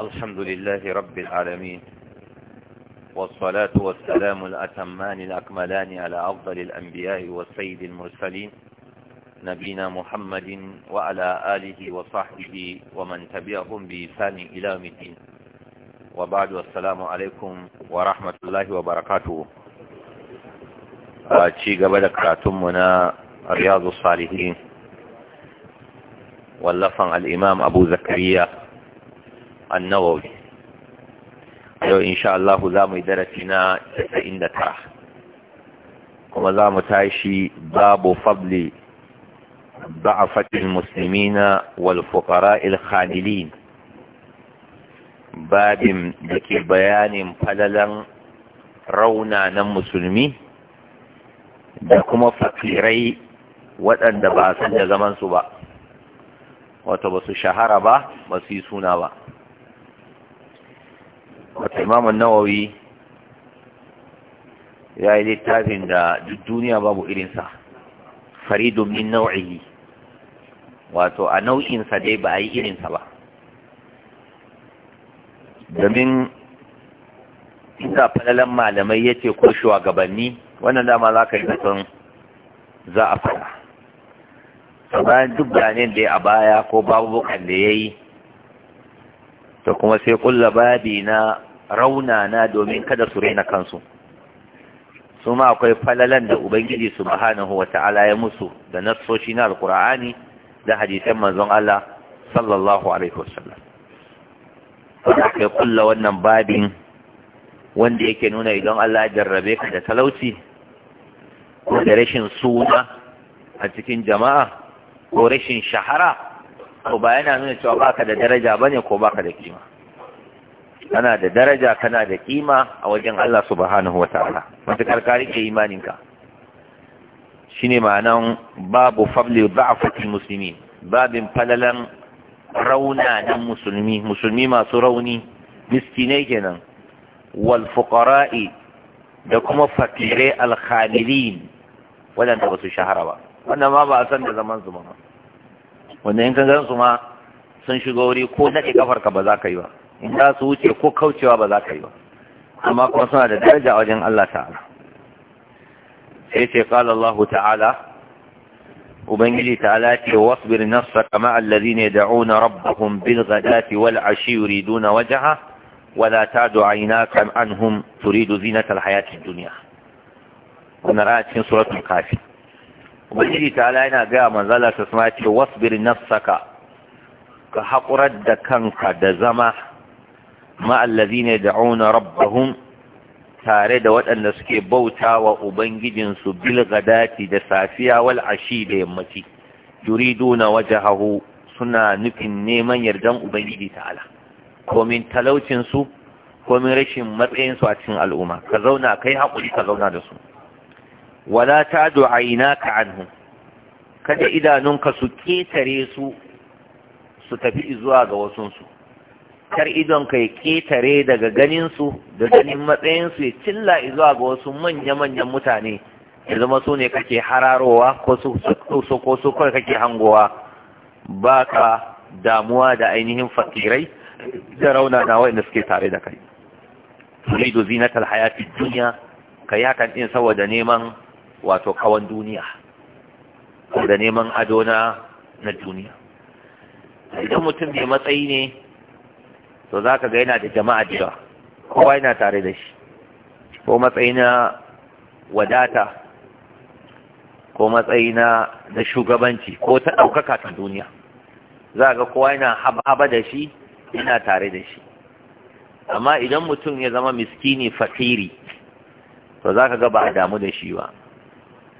الحمد لله رب العالمين والصلاة والسلام الأتمان الأكملان على أفضل الأنبياء والسيد المرسلين نبينا محمد وعلى آله وصحبه ومن تبعهم بإحسان إلى يوم الدين وبعد والسلام عليكم ورحمة الله وبركاته آه، شي قبل كراتمنا رياض الصالحين واللفن الإمام أبو زكريا annawawi yau insha Allah za mu yi darasi na 99 kuma za mu tashi babu fadli ضعفة المسلمين والفقراء Babin da ke bayanin فللا raunanan musulmi. da kuma fakirai waɗanda ba san da zamansu ba wato ba su shahara ba ba su yi suna ba wata imamun nawawi ya yi littafin da duk duniya babu irinsa faridun min nau'i wato a nau'insa dai ba a yi irinsa ba domin ina falalan malamai ya ce ko shugabanni wannan dama za ka yi zaton za a Ta bayan duk bayanin da ya a baya ko babu bukan da ya yi Ta kuma sai kulla babi na raunana domin kada su raina kansu su ma akwai falalan da ubangiji subhanahu ta'ala ya musu da nassoshi na alkur'ani da hadisan manzon Allah sallallahu alaihi wasallam ke kulla wannan babin wanda yake nuna idan Allah ya jarrabe ka da talauci ko da rashin suna a cikin jama'a ko rashin shahara Ko ba yana nuna cewa baka da daraja bane ko baka da kima kana da daraja kana da kima a wajen Allah subhanahu wataala matakar ka rike ka shine ma'anan babu fadli da'fatil muslimin babin falalan rauna nan musulmi musulmi masu rauni miskinai kenan wal fuqara'i da kuma fakire al-khamilin wadanda ba su shahara ba wannan ma ba a san da zaman zuma ba wanda in kan su ma sun shiga wuri ko naɗe kafar ka ba za ka yi ba in za su wuce ko kaucewa ba za ka yi ba amma kuma suna da daraja wajen Allah ta'ala sai ce qala Allah ta'ala ubangiji ta'ala ce wasbir nafsaka ma alladhina yad'una rabbahum bil ghadati wal ashi yuriduna wajha wala ta'du aynaka anhum turidu zinata al hayati ad-dunya wannan ra'ayin suratul kafir ubangiji ta ala yana gaya manzala ta sama ce wasbir nafsaka ka haƙurar da kanka da zama ma'allazi ne da auna rabbahun tare da waɗanda suke bauta wa ubangijinsu bilgadati da safiya wal ashi da yammaci waje hahu suna nufin neman yardan ubangiji ala komin talaucinsu komin rashin matsayinsu a cikin al'umma ka zauna kai haƙuri ka zauna da su wala ta tadu ka anhu kada idanunka su ketare su su tafi zuwa ga wasunsu kar idonka ya ketare daga ganinsu da ganin matsayinsu ya cilla zuwa ga wasu manya-manyan mutane ya zama su ne kake hararowa ko su kawai kake hangowa ba ka damuwa da ainihin fakirai da rauna na wa'inda suke tare da kai turidu zinatar hayati duniya ka yi hakan ɗin saboda neman wato kawan duniya da neman ado na duniya idan mutum bai matsayi ne to za ka ga yana da jama'a da kowa yana tare da shi ko matsayi na wadata ko matsayi na shugabanci ko ta ɗaukaka ta duniya za ga kowa yana haba da shi yana tare da shi amma idan mutum ya zama miskini fakiri to za ka ga ba a damu da shi ba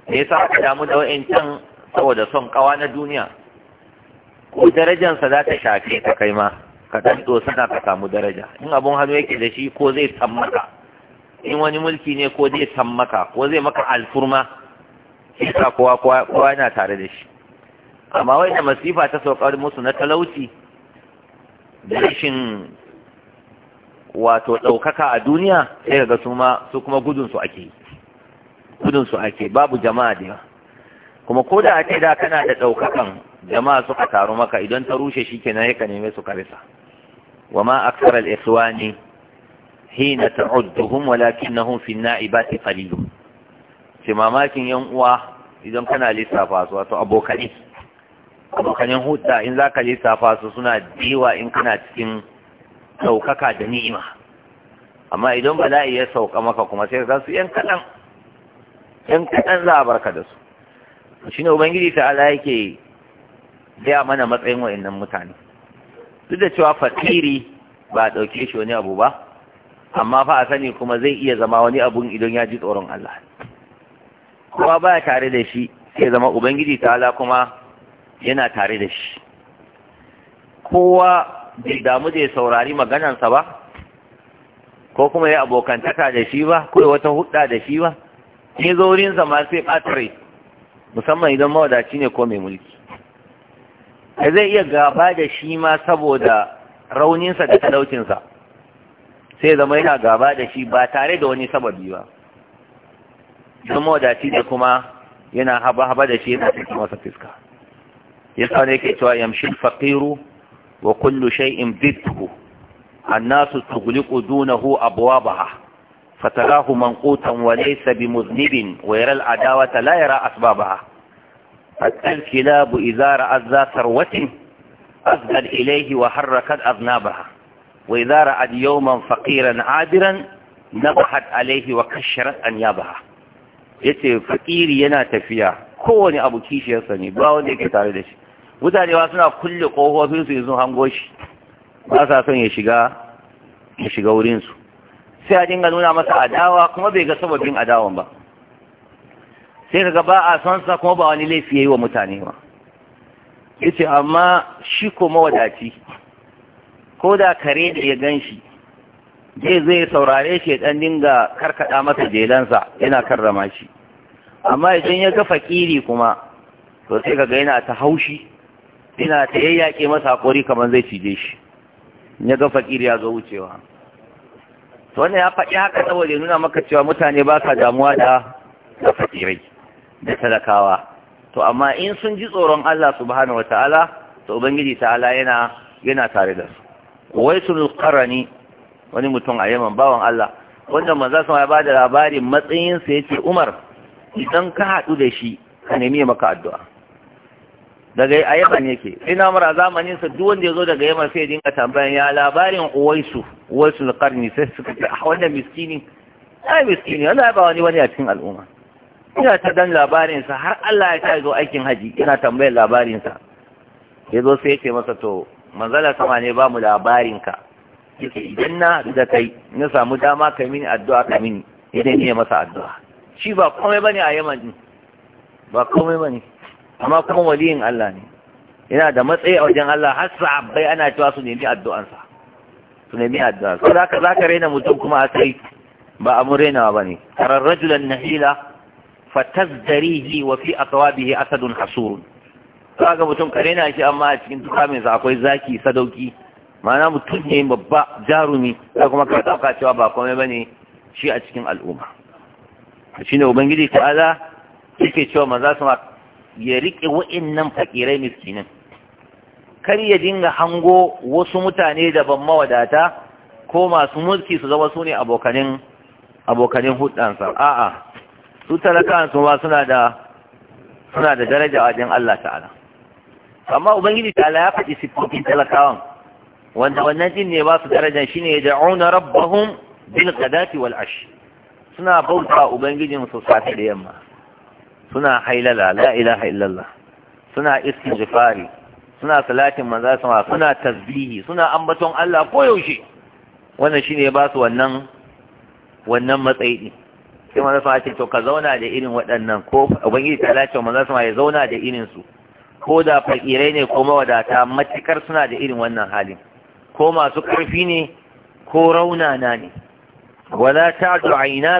me yasa aka damu da wa'ancan saboda son kawa na duniya ko darajansa za ta shafe ka kai ma ka dan sana ka samu daraja in abun hannu yake da shi ko zai san maka in wani mulki ne ko zai san maka ko zai maka alfurma shi ka kowa kowa yana tare da shi amma wai da masifa ta saukar musu na talauci da rashin wato ɗaukaka a duniya sai ga su kuma gudunsu ake yi gudun su ake babu jama'a da kuma ko da ake da kana da ɗaukakan jama'a suka taru maka idan ta rushe shi kenan ya ka neme su karisa wa ma aksar al-ikhwani hina ta'udduhum walakinahum fi naibati qalilun ce mamakin yan uwa idan kana lissafa su wato abokanai abokanin hudda in zaka lissafa su suna diwa in kana cikin ɗaukaka da ni'ima amma idan bala'i ya sauka maka kuma sai ka su yan kaɗan in kaɗan za a barka da su shi ne ubangiji ta ala yake gaya mana matsayin wa'annan mutane duk da cewa fatiri ba a ɗauke shi wani abu ba amma fa a sani kuma zai iya zama wani abun idan ya ji tsoron Allah kowa baya tare da shi sai zama ubangiji ta ala kuma yana tare da shi kowa bai damu da ya saurari maganansa ba ko kuma ya abokantaka da shi ba ko wata hudda da shi ba in zo wurinsa ma sai ɓatare musamman idan mawadaci ne ko mai mulki da zai iya gaba da shi ma saboda rauninsa da talaucinsa sai zama yana gaba da shi ba tare da wani sababi ba don mawadaci da kuma yana haba-haba da shi yana cikin masa fiska ya sa ne ke cewa yamshi faqiru wa kullu shay'in bidhu annasu tughliqu dunahu abwabaha فتراه منقوطا وليس بمذنب ويرى العداوة لا يرى أسبابها حتى الكلاب إذا رأت ذا ثروة أفضل إليه وحركت أذنابها وإذا رأت يوما فقيرا عابرا نبحت عليه وكشرت أنيابها yace fakiri yana tafiya kowane abu kishiyarsa ne ba wanda yake tare da shi mutane ba suna kulle kofofinsu yanzu hango shi ba sa son ya shiga ya shiga wurinsu sai a dinga nuna masa adawa kuma bai ga sababin adawan ba sai kaga ba a son sa kuma ba wani laifi yayi wa mutane ba yace amma shi ko mawadaci ko da kare da ya ganshi zai zai saurare shi dan dinga karkada masa sa yana karrama shi amma idan ya ga fakiri kuma to sai ga yana ta haushi yana ta yayyake masa hakuri kamar zai cije shi ya ga fakiri ya zo wucewa wannan ya faɗi haka saboda nuna maka cewa mutane ba sa damuwa da fakirai da talakawa to amma in sun ji tsoron Allah subhanahu wataala to ubangiji ta'ala yana yana tare da su Wai waisul qarani wani mutum a Yaman bawan Allah wanda manzo sama ya bada labarin matsayin sa yace Umar idan ka haɗu da shi ka nemi maka addu'a daga a ne ke ina mara zamanin sa duk wanda yazo daga yaman sai dinga tambayan ya labarin uwaisu uwaisul karni sai suka ce ah, wannan miskini ai miskini Allah ba wani wani a cikin al'umma ina ta dan labarin sa har Allah ya ta zo aikin haji ina tambayar labarin sa yazo sai ya ce masa to manzala sama ne ba mu labarin ka yake idan na da kai na samu dama kai mini addu'a kai mini idan ne masa addu'a shi ba komai bane a yaman ba komai bane amma kuma waliyin Allah ne yana da matsayi a wajen Allah har sahabbai ana cewa su nemi addu'ansa su nemi addu'ansa. so zaka zaka raina mutum kuma a sai ba abun rainawa ne tarar rajulan nahila fatazdarihi wa fi aqwabihi asadun hasurun kaga mutum ka raina shi amma a cikin tukamin sa akwai zaki sadauki ma'ana mutum ne babba jarumi sai kuma ka dauka cewa ba komai bane shi a cikin al'umma shine ubangiji ta'ala yake cewa maza su ya riƙe wa'innan fakirai miskinin kar ya dinga hango wasu mutane ban mawadata ko masu mulki su zama su ne abokanin hudansa a'a su talaka su ma suna da daraja a wajen Allah ta'ala amma ubangiji ta'ala ya faɗi siffofin talakawan wanda wannan jin ne ba su daraja ne ya da'una rabbahum bil qadati wal ash suna bauta ubangijin su safe da yamma suna hailala la ilaha illallah suna istighfari suna salatin manzo sama suna tasbihi suna ambaton Allah ko yaushe. wannan shine ba su wannan wannan matsayi din sai manzo sama ce to ka zauna da irin waɗannan ko ubangiji ta lace manzo sama ya zauna da irin su ko da fakirai ne ko mawadata matukar suna da irin wannan halin ko masu karfi ne ko raunana ne wala ta'du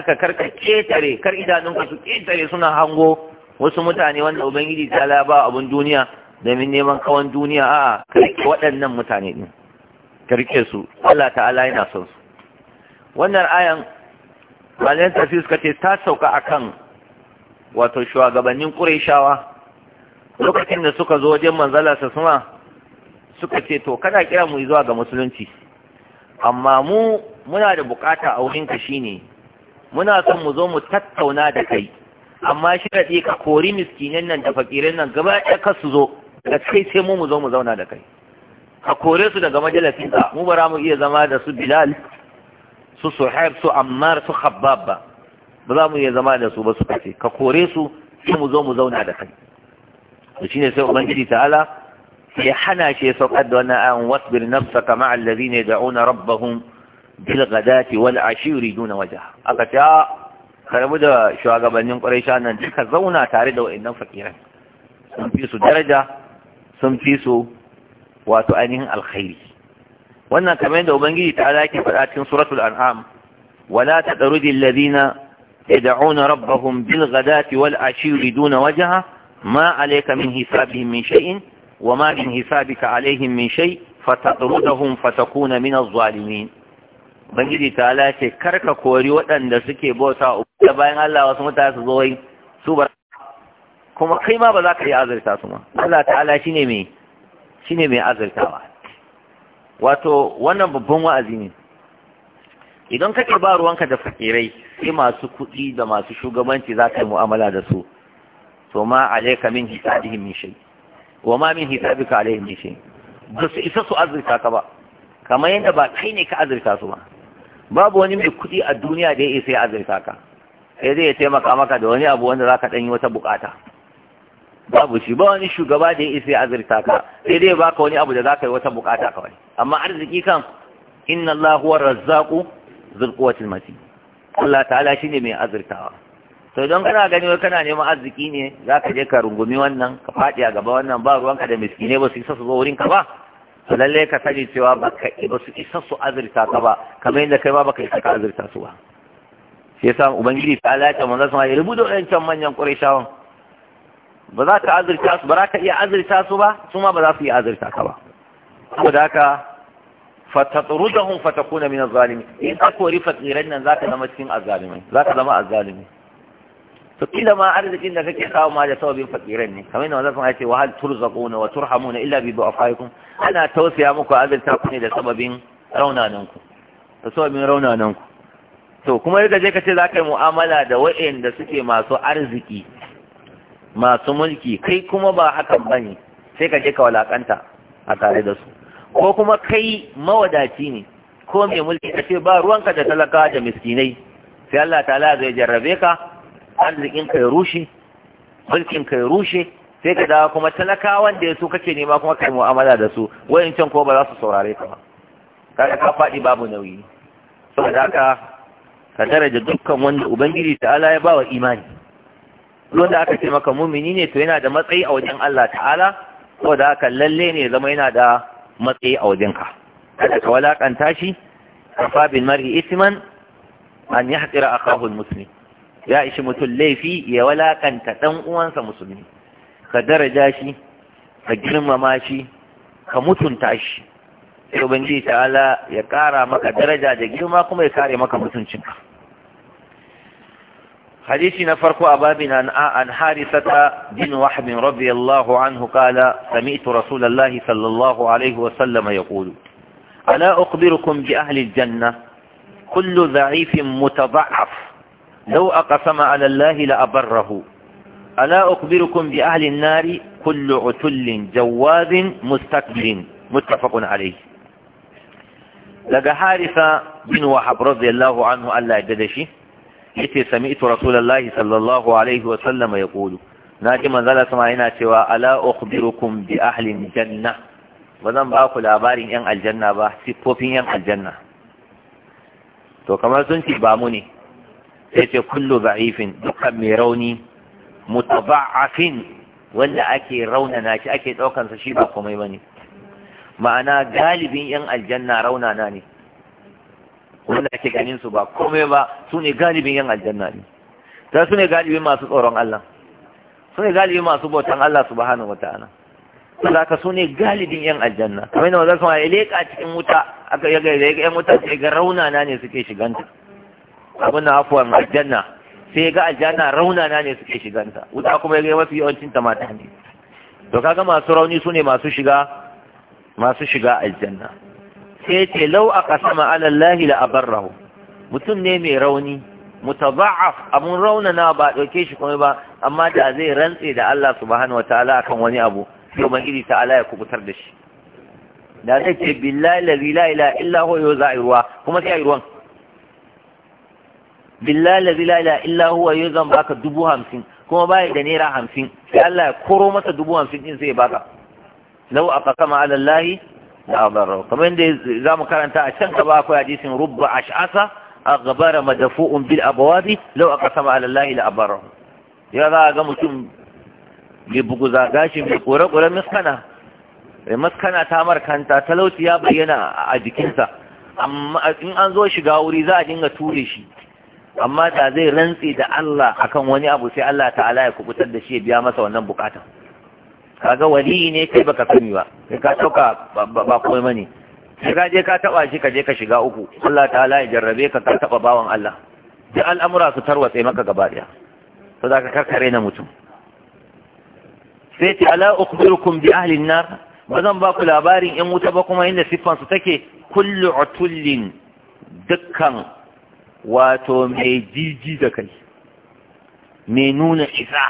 ka karka ketare kar idanunka su ketare suna hango wasu mutane wanda ubangiji ta ba abun duniya domin neman kawan duniya a karki waɗannan mutane din karke su Allah ta'ala yana son su wannan ayan malayan tafi suka ce ta sauka akan wato shugabannin Qurayshawa lokacin da suka zo wajen manzala sa suma suka ce to kana kira mu zuwa ga musulunci amma mu muna da bukata a wurinka shine muna son mu zo mu tattauna da kai amma shi shiradi ka kori miskinan nan da fakirin nan gaba ɗaya ka su zo da kai sai mu mu zo mu zauna da kai ka kore su daga majalisin ka mu bara mu iya zama da su Bilal su Suhaib su Ammar su Khabbab ba ba za mu iya zama da su ba su kace ka kore su sai mu zo mu zauna da kai to shine sai ubangiji ta'ala ya hana shi ya saukar da wannan ayan wasbir nafsaka ma'a allazina yad'una rabbahum bil gadati wal ashiri dun wajha aka ta karbu da shugabannin quraisha nan duka zauna tare da wayannan fakiran sun fi su daraja sun fi su wato ainihin alkhairi wannan kamar da ubangiji ta alaki fada cikin suratul an'am wala tadrudi alladhina yad'una rabbahum bil gadati wal ashiri dun wajha ma alayka min hisabihim min shay'in wa ma min hisabika alayhim min shay fatadrudahum fatakuna min adh-dhalimin bangiji ta ala ce karka kori waɗanda suke bauta da bayan Allah wasu mutane su zo su bar kuma kai ma ba za ka yi azurta su ma Allah ta shine mai shine mai azurtawa wato wannan babban wa'azi ne idan ka ba ruwanka da fakirai sai masu kuɗi da masu shugabanci za ka yi mu'amala da su to ma alaika min hisabihim min shay wa ma min hisabika alaihim min shay ba su isa su azurta ka ba kamar yadda ba kai ne ka azurta su ba babu wani mai kuɗi a duniya da ya isa ya azurta ka sai zai taimaka maka da wani abu wanda za ɗan yi wata bukata babu shi ba wani shugaba da ya isa ya azurta ka sai dai baka wani abu da za ka yi wata bukata kawai amma arziki kan inna Allah huwa razzaqu dhul quwwatil Allah ta'ala shine mai azurtawa to don kana gani wai kana neman arziki ne za ka je ka rungumi wannan ka faɗi a gaba wannan ba ruwanka da miskine ba su isa su zo wurin ka ba to lalle ka sani cewa baka ba su isa su azurta ka ba kamar yadda kai ma baka isa ka azurta su ba sai yasa ubangiji ta alaƙa manzo sama ya rubuta wayancan manyan qurayshawan ba za ka azurta su ba za ka iya azurta su ba su ma ba za su iya azurta ka ba saboda haka fatatrudahum fatakuna min az in ka kori fakiran nan zaka zama cikin azzalimai zaka zama azzalimi to kila ma arzikin da kake kawo ma da sababin fakiran ne kamar yadda wannan ya ce wa hal turzaquna wa turhamuna illa bi du'afaikum ana tausaya muku azurta ku ne da sababin raunananku? da sababin raunananku to kuma yadda je ka ce za ka yi mu'amala da waɗanda suke masu arziki masu mulki kai kuma ba hakan ba ne sai ka je ka walakanta a tare da su ko kuma kai mawadaci ne ko mai mulki ka ce ba ruwanka da talaka da miskinai sai Allah ta'ala zai jarrabe ka arzikin ka ya rushe mulkin ka ya rushe sai ka dawo kuma talaka wanda ya so kake nema kuma kai mu'amala da su wayancan ko ba za su saurare ka ba kaga ka fadi babu nauyi saboda haka ka daraja dukkan wanda ubangiji ta'ala ya bawa imani wanda aka ce maka mumini ne to yana da matsayi a wajen Allah ta'ala saboda haka lalle ne zama yana da matsayi a wajen ka kada ka walakanta shi kafa bil mar'i isman an yahqira akahu al ya ishi mutum laifi ya walakanta dan uwansa musulmi ka daraja shi ka girmama shi ka mutunta shi sai ubangiji ta'ala ya kara maka daraja da girma kuma ya kare maka mutuncinka حديث نفرق أبابنا عن حارثة بن وحب رضي الله عنه قال سمعت رسول الله صلى الله عليه وسلم يقول ألا أخبركم بأهل الجنة كل ضعيف متضعف لو أقسم على الله لأبره ألا أخبركم بأهل النار كل عتل جواز مستكبر متفق عليه لقى حارثة بن وحب رضي الله عنه ألا يددشي يتي سمعت رسول الله صلى الله عليه وسلم يقول ناجي من ذلك سمعنا سوى ألا أخبركم بأهل الجنة وذن باكو لابارين ين الجنة با سيبوفين ين الجنة تو كما سنتي باموني سيتي كل ضعيف دقا ميروني mutaba'afin wanda ake raunana shi ake ɗaukansa shi ba komai ba ne ma'ana galibin 'yan aljanna raunana ne wanda ake ganin su ba komai ba su ne galibin 'yan aljanna ne ta su ne galibin masu tsoron Allah su ne galibin masu bautan Allah subhanahu wa ta'ala za ka su ne galibin 'yan aljanna kamar yadda wazar sama ya leƙa cikin wuta aka yaga 'yan wuta sai ga raunana ne suke shiganta abin na afuwan aljanna sai ga aljanna raunana ne suke shiganta wuta kuma ya mafi yawancin ta mata ne to kaga masu rauni sune masu shiga masu shiga aljanna sai ce law a kasama alallahi la abarrahu mutum ne mai rauni mutada'af abun raunana ba ɗauke shi kuma ba amma da zai rantse da Allah subhanahu wataala akan wani abu sai ta ala ya kubutar da shi da zai ce billahi la ilaha illa huwa yuzairuwa kuma sai ruwan billahi la ilaha illa huwa yau zan baka dubu hamsin kuma bai da naira hamsin sai Allah ya koro masa dubu hamsin din sai ya baka lau a kasama ala Allah la abarra kamar yadda za mu karanta a can ba akwai hadisin rubba ash'asa aghbara madfu'un bil abwabi lau a kasama ala Allah la abarra ya za ga mutum bugu buguza gashin mai kore-kore miskana miskana ta markanta talauci ya bayyana a jikinsa amma in an zo shiga wuri za a dinga ture shi amma da zai rantsi da Allah akan wani abu sai Allah ta'ala ya kubutar da shi ya biya masa wannan bukata kaga wali ne kai baka sani ba kai ka sauka ba komai bane sai ka je ka taba shi ka je ka shiga uku Allah ta'ala ya jarrabe ka ka taba bawan Allah da al'amura su tarwatse maka gaba daya to zaka karkare na mutum sai ta ala ukhbirukum bi ahli an-nar bazan ba ku labarin in wuta ba kuma inda siffan su take kullu utullin dukkan wato mai jiji da kai mai nuna isa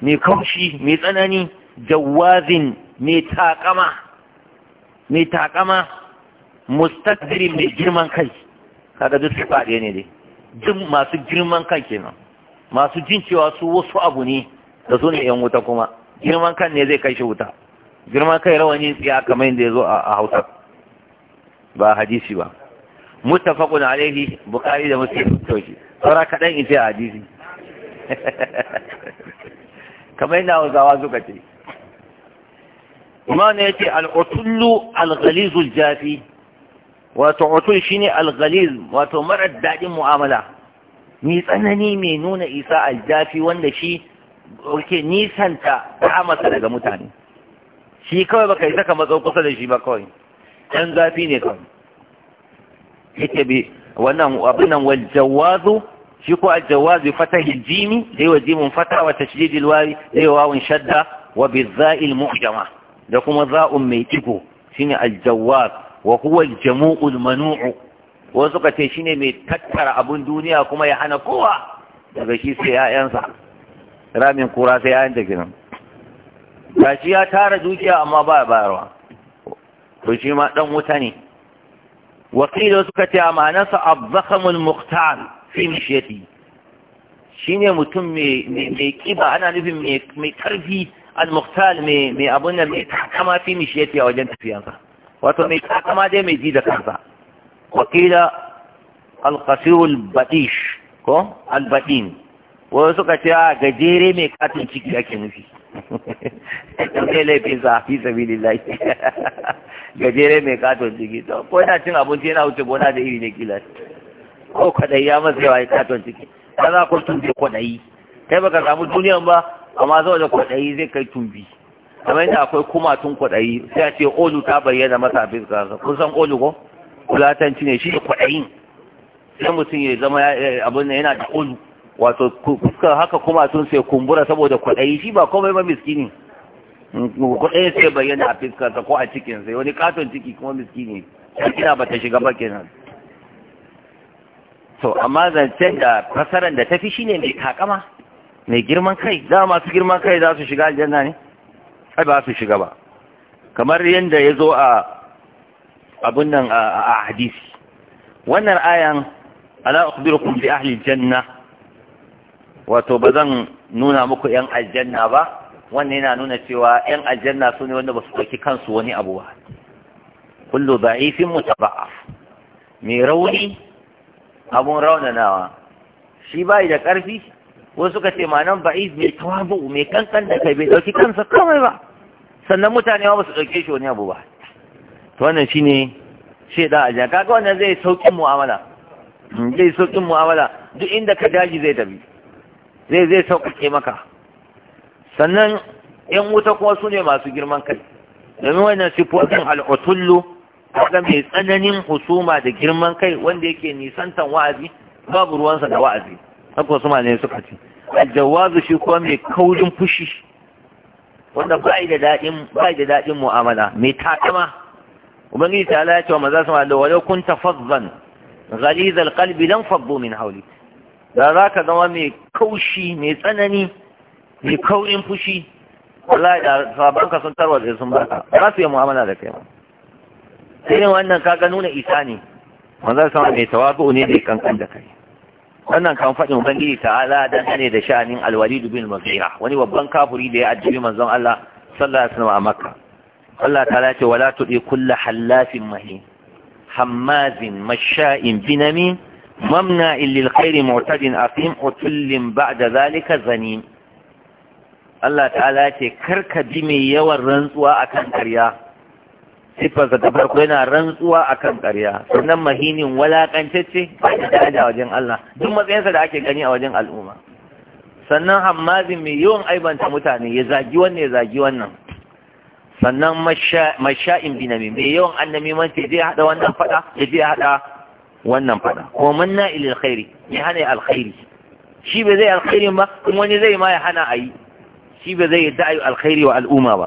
mai kaushi mai tsanani jawazin mai takama mai takama mustadiri mai girman kai kaga duk su faɗe ne dai duk masu girman kai kenan masu jin cewa su wasu abu ne da su ne yan wuta kuma girman kan ne zai kai shi wuta girman kai rawanin tsiya kamar yadda ya zo a hausa ba hadisi ba muttafaqun alaihi bukari da muslim to shi kaɗan ita a hadisi kamar yana hausawa suka ce imam ya ce al'utullu jafi wato utul shine ne ghaliz wato mara daɗin mu'amala ni tsanani mai nuna isa aljafi wanda shi ke nisanta ta'amasa daga mutane shi kawai baka yi saka matsau kusa da shi ba kawai ɗan zafi ne kawai yake bi wannan abin nan wal jawazu shi ko al-jawazu fatahi jimi dai wa jimin fata wa tashdidil wawi dai wawun shadda wa bizza'il mu'jama da kuma za'un mai tiko shine al-jawaz wa huwa al-jamu'u al-manu'u wasu suka ce shine mai tattara abun duniya kuma ya hana kowa daga shi sai ya'yansa ramin kura sai ya'yanta kenan gashi ya tara dukiya amma ba bayarwa to shi ma dan wuta ne wakilo suka ce amanansa abzakamul Muktar fi mishiyati shine mutum mai kiba ana nufin mai karfi al Muktar mai abun nan mai takama fi mishiyati a wajen tafiyansa wato mai takama dai mai ji da kansa wakila al-qasirul batish ko al-batin wasu suka ce gajere mai katin ciki ake nufi ɗauke laifin a fi sabili layi. gajere mai katon ciki to ko yana cin abinci yana wuce gona da iri ne kila ko kwaɗayi ya masa yawa ya katon ciki ba za ku tumbi kwaɗayi kai baka samu duniyan ba amma zuwa da kwaɗayi zai kai tumbi kamar yadda akwai kumatun kwaɗayi sai a ce olu ta bayyana masa a fiskarsa kun san olu ko kulatanci ne shi kwaɗayin sai mutum ya zama abin yana da olu wato fuskar haka kuma sun sai kumbura saboda kwaɗayi shi ba komai ba miskini kwaɗayi sai bayyana a ta ko a cikin sai wani katon ciki kuma miskini kina ba ta shiga ba kenan to amma zancen da fasaran da tafi shine mai takama mai girman kai za masu girman kai za su shiga aljanna ne ai ba su shiga ba kamar yadda ya zo a abun nan a hadisi wannan ayan ala ukhbirukum bi ahli janna wato ba zan nuna muku ‘yan aljanna ba wannan yana nuna cewa ‘yan aljanna su ne wanda ba su ɗauki kansu wani abu ba kullu za'ifin ba'a. mai rauni abun raunanawa shi bai da ƙarfi wasu suka ce ma nan ba'if mai tawabu mai kankan da kai bai ɗauki kansa kawai ba sannan mutane ba su ɗauke shi wani abu ba to wannan shine shaidan aljanna kaga wannan zai sauƙin mu'amala zai sauƙin mu'amala duk inda ka daji zai tafi zai zai sauƙaƙe maka sannan yan wuta kuma su ne masu girman kai domin wannan sifofin al'utullu ga mai tsananin husuma da girman kai wanda yake nisantan wa'azi babu ruwansa da wa'azi haka su ne suka ce aljawazu shi kuma mai kaurin fushi wanda ba da daɗin mu'amala mai taƙama ubangiji ta ya ce wa maza su ma da walau kalbi fazzan ghaliz alqalbi lan faddu min hawlik da za ka zama mai kaushi mai tsanani mai kaurin fushi wallahi da sabanka sun tarwatsa sun baka za su yi mu'amala da kai Sai yin wannan ga nuna isa ne manzon sama mai tawazu ne da kankan da kai wannan kan faɗin ubangiji ta'ala ne da sha'anin alwalid bin mughira wani babban kafuri da ya addabi manzon Allah sallallahu alaihi wasallam a makka Allah ta'ala ce wala tudi kullu hallafin mahin hammazin masha'in binamin mamna illil khairi mu'tadin afim utullin ba'da zalika zanim Allah ta'ala ce ka bi mai yawan rantsuwa akan ƙarya sifarsa ta farko yana rantsuwa akan ƙarya sannan mahinin walakantacce ba da daraja wajen Allah duk matsayinsa da ake gani a wajen al'umma sannan hammazin mai yawan aibanta mutane ya zagi wannan ya zagi wannan sannan masha'in binamin mai yawan annabi man ce zai hada wannan fada ya je hada wannan fada kuma manna ilil khairi ya hana alkhairi shi ba zai alkhairi ba kuma wani zai ma ya hana a yi shi ba zai yadda ayi alkhairi wa al'umma ba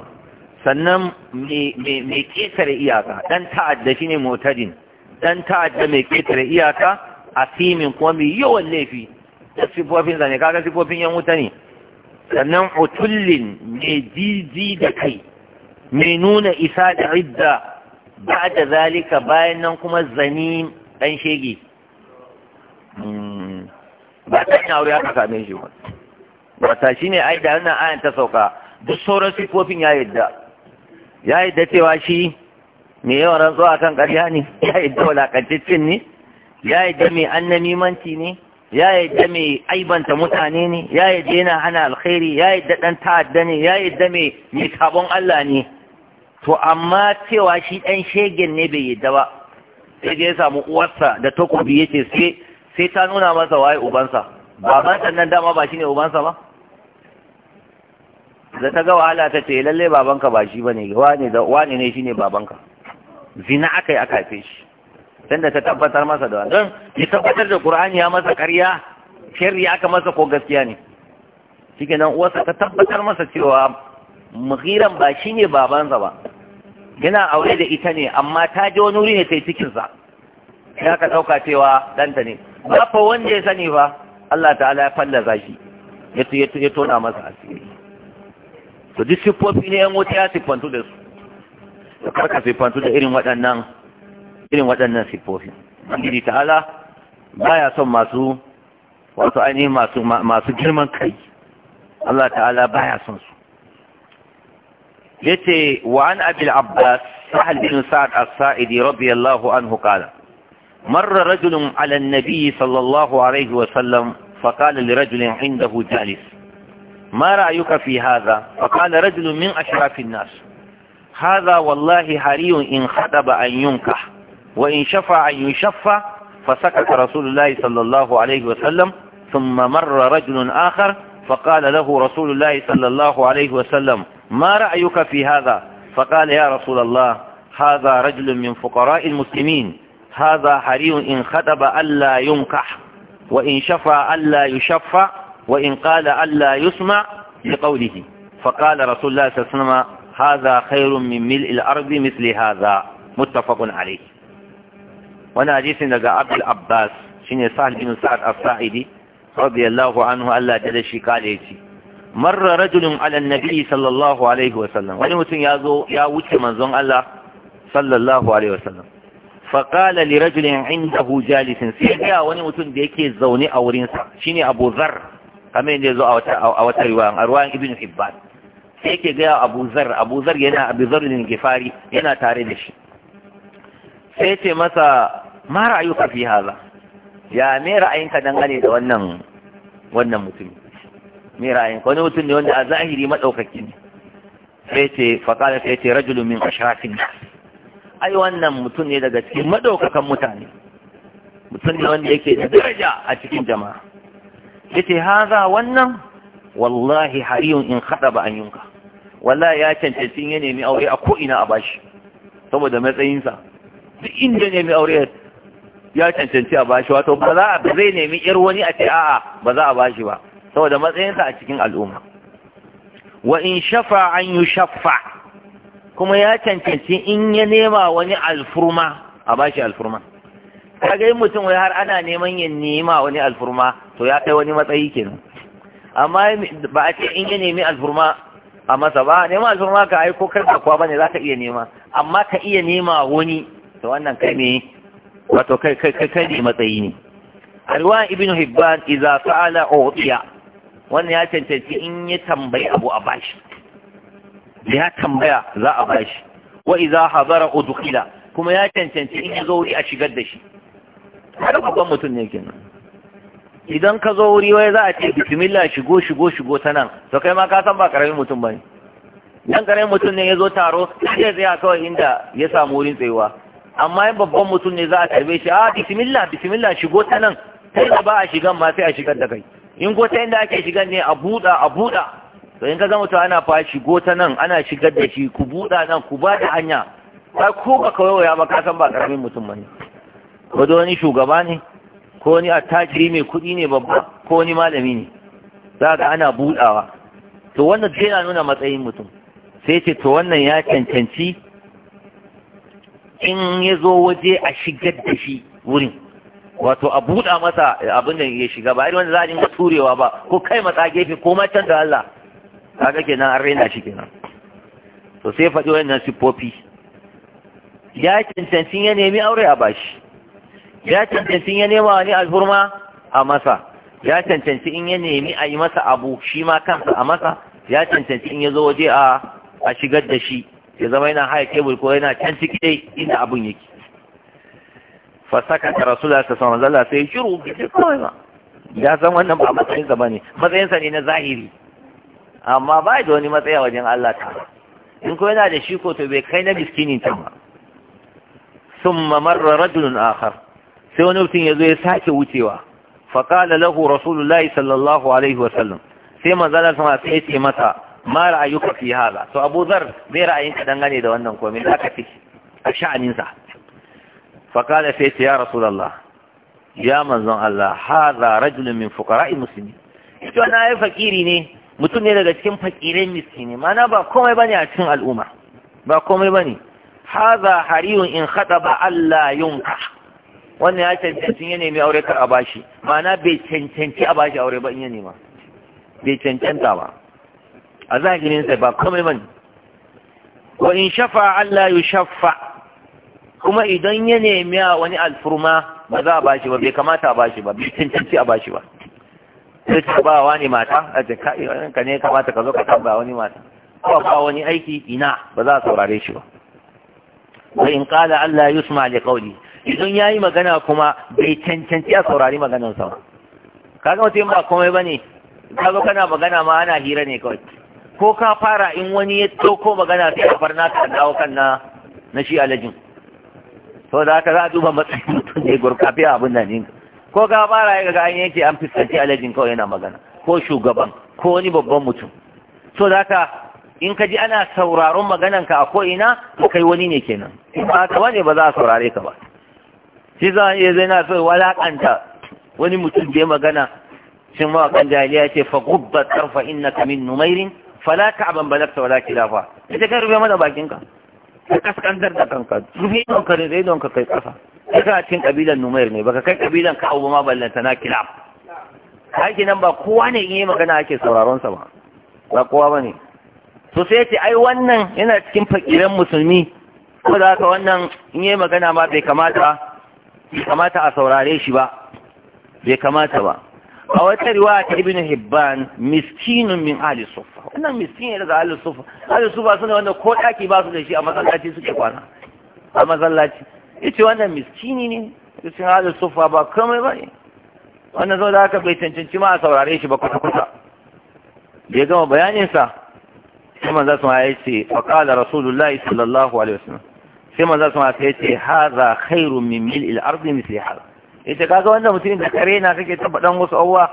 sannan mai ketare iyaka dan ta'adda shi ne motadin dan ta'adda mai ketare iyaka asimin kuma mai yawan laifi da sifofin zane kaga sifofin yan wuta ne sannan utullin mai jiji da kai mai nuna isa da idda ba da zalika bayan nan kuma zanin ɗan shege hmm. ba ta yi aure aka same shi ba ta shi ne ai da wannan ayan ta sauka duk sauran sifofin ya yadda ya yadda cewa shi me yawan rantsuwa kan ƙarya ne ya yadda wulaƙantaccen ne ya yadda mai manti ne ya yadda mai aibanta mutane ne ya yadda yana hana alkhairi ya yadda ɗan ta'adda ne ya yadda mai sabon Allah ne to amma cewa shi ɗan shegen ne bai yadda ba sai je ya samu uwarsa da takobi yace sai sai ta nuna masa waye ubansa babansa nan dama ba shine ubansa ba da ta ga wahala ta ce lalle babanka ba shi bane wani da wani ne shine babanka zina akai aka haife shi dan da ta tabbatar masa da don ya tabbatar da Qur'ani ya masa ƙarya sharri aka masa ko gaskiya ne shikenan uwarsa ta tabbatar masa cewa muhiran ba shine babansa ba yana aure da ita ne amma ta je wani wuri ne ta yi cikinsa ya ka ɗauka cewa ɗanta ne ba fa wanda ya sani ba Allah ta'ala ya fallaza shi ya tona masa asiri to duk siffofi ne yan wuta ya siffantu da su da karka siffantu da irin waɗannan irin waɗannan siffofi Allah ta'ala baya son masu wato ainihin masu girman kai Allah ta'ala baya son su yace wa an abi al-abbas sahal bin sa'ad as-sa'idi radiyallahu anhu qala marra rajulun ala an-nabi sallallahu alayhi wa sallam فقال لرجل عنده جالس ما رأيك في هذا فقال رجل من أشراف الناس هذا والله حري إن خطب أن ينكح وإن شفع أن يشفع فسكت رسول الله صلى الله عليه وسلم ثم مر رجل آخر فقال له رسول الله صلى الله عليه وسلم ما رأيك في هذا فقال يا رسول الله هذا رجل من فقراء المسلمين هذا حري إن خطب ألا ينكح وإن شفع ألا يشفع وإن قال ألا يسمع لقوله فقال رسول الله صلى الله عليه وسلم هذا خير من ملء الأرض مثل هذا متفق عليه وانا حديث عند عبد العباس شنو سهل بن سعد الصاعدي رضي الله عنه ألا جل شكاله marra rajulun ala nabi sallallahu alaihi wasallam wani mutum ya zo ya wuce manzon Allah sallallahu alaihi wasallam faqala li rajulin indahu jalisin sai ga wani mutum da yake zaune a wurin sa shine Abu Zar kamar yadda zo a wata a wata riwaya arwayan Ibn Hibban sai yake ga Abu Zar Abu Zar yana Abu Zar bin Gifari yana tare da shi sai ce masa ma ra'ayuka fi hadha ya me ra'ayinka dangane da wannan wannan mutum mirayen wani mutum ne wanda a zahiri maɗaukakin, ne sai ce faqala sai ce rajulun min ashrafin nas ai wannan mutum ne daga cikin maɗaukakan mutane mutum ne wanda yake da daraja a cikin jama'a yace haza wannan wallahi hariyun in khadaba an yunka wallahi ya cancanci ya nemi aure a ko ina a bashi saboda matsayinsa duk inda nemi aure ya cancanci a bashi wato ba za a zai nemi yar wani a ce a'a ba za a bashi ba saboda matsayinsa a cikin al'umma wa in shafa an yi shafa kuma ya cancanci in ya nema wani alfurma a bashi alfurma kaga yin mutum wai har ana neman ya nema wani alfurma to ya kai wani matsayi kenan amma ba a ce in ya nemi alfurma a masa ba neman alfurma ka aiko kar ka kwa bane ka iya nema amma ka iya nema wani to wannan kai ne wato kai kai kai ne matsayi ne a ruwan ibnu hibban idza sa'ala utiya wannan ya cancanci in ya tambayi abu a bashi da ya tambaya za a bashi wa iza hazara udkhila kuma ya cancanci in ya zo wuri a shigar da shi kada babban mutum ne kenan idan ka zo wuri wai za a ce bismillah shigo shigo shigo ta nan to kai ma ka san ba karamin mutum bane dan karamin mutum ne ya zo taro sai tsaya kawai inda ya samu wurin tsayuwa amma in babban mutum ne za a tarbe shi a ah, bismillah bismillah shigo ta nan kai ba a shigan ma sai a shigar da kai in gota inda ake shigar ne a buɗa a buɗa to in ka zama to ana fashi shigo ta nan ana shigar da shi ku buɗa nan ku ba da hanya sai ko ba kawaiwaya ba ka san ba karamin mutum ne ko da wani shugaba ne ko wani attajiri mai kuɗi ne babba ko wani malami ne za ga ana buɗawa to wannan zai na nuna matsayin mutum sai ce to wannan ya cancanci in ya zo waje a shigar da shi wurin wato a buɗa masa abin da ya shiga ba irin wanda za a dinga turewa ba ko kai matsa gefe ko ma can da Allah kaga kenan an raina shi kenan to sai faɗi wannan sifofi ya cancancin ya nemi aure a bashi ya cancancin ya nema wani alfurma a masa ya cancanci in ya nemi a yi masa abu shi ma kansa a masa ya cancanci in ya zo waje a shigar da shi ya zama yana haya kebul ko yana can ciki inda abun yake fasaka ta rasula ta sama zalla sai shiru bai kawai ba ya san wannan ba matsayinsa ba ne matsayinsa ne na zahiri amma ba da wani matsaya wajen Allah ta in ko yana da shi ko to bai kai na miskini ta ba summa marra rajulun akhar sai wani mutum ya zo ya sake wucewa faqala lahu rasulullahi sallallahu alaihi wa sallam sai manzala sama sai ce masa ma ra'ayuka fi hada to Abu Zar bai ra'ayin dangane da wannan komai da aka fi a sha'aninsa فقال سيت يا رسول الله يا منزل الله هذا رجل من فقراء المسلمين ito na yi fakiri ne mutum ne daga cikin fakirin miskini mana ba komai bane a cikin al'umma ba komai bane haza hariyun in ba Allah yunka wannan ya cancanci ya nemi aure kar a bashi mana bai cancanci a bashi aure ba in ya nema bai cancanta ba a zahirin sai ba komai bane wa in shafa Allah yushaffa kuma idan ya nemi a wani alfurma ba za a ba shi ba bai kamata a shi ba bai cancanci a ba shi ba sai ta ba wani mata a jaka ka ne kamata ka zo ka tamba wani mata ko ba wani aiki ina ba za a saurare shi ba wa in kala Allah ya yusma li qawli idan yayi magana kuma bai cancanci a saurari maganar sa kaga mutum ba komai bane zo kana magana ma ana hira ne kawai ko ka fara in wani ya tsoko magana sai ka farna ka dawo kan na na shi alajin to da haka za a duba matsayin mutum ne gurka a abin nan ɗinka ko ga fara ya ga an yanke an fuskanci alajin kawai yana magana ko shugaban ko wani babban mutum to da haka in ka ji ana sauraron maganan ka a ko'ina ina, kai wani ne kenan ba ka wani ba za a saurare ka ba shi za a iya zai na so walakanta wani mutum da ya magana shin kan jahiliya ce fa gubbat tarfa innaka min numairin fala ka'ban balagta wala kilafa ita kan rufe mana bakin ka ka kaskantar da kanka rufe idonka ne don idonka kai kasa kai kana cin kabilan numayar ne baka kai kabilan ka abu ma ballanta na kilab haki nan ba kowa ne in yi magana ake sauraron sa ba ba kowa ba ne to sai ce ai wannan yana cikin fakiran musulmi ko da haka wannan in yi magana ma bai bai kamata a saurare shi ba bai kamata ba a wata riwaya ta ibn hibban miskinun min ahli sufa wannan miskin ne daga ahli sufa ahli sufa suna wanda ko daki ba su da shi a masallaci suke kwana a masallaci yace wannan miskini ne yace ahli sufa ba komai ba wannan zo da aka bai cancanci ma a saurare shi ba kusa kusa. da ya gama bayanin sa sai manzo sun ya ce fa qala rasulullahi sallallahu alaihi wasallam sai manzo sun ya ce hadha khairu min mil'il ardi misli hadha ka ga wannan mutum da kare na kake tabbatan wasu abuwa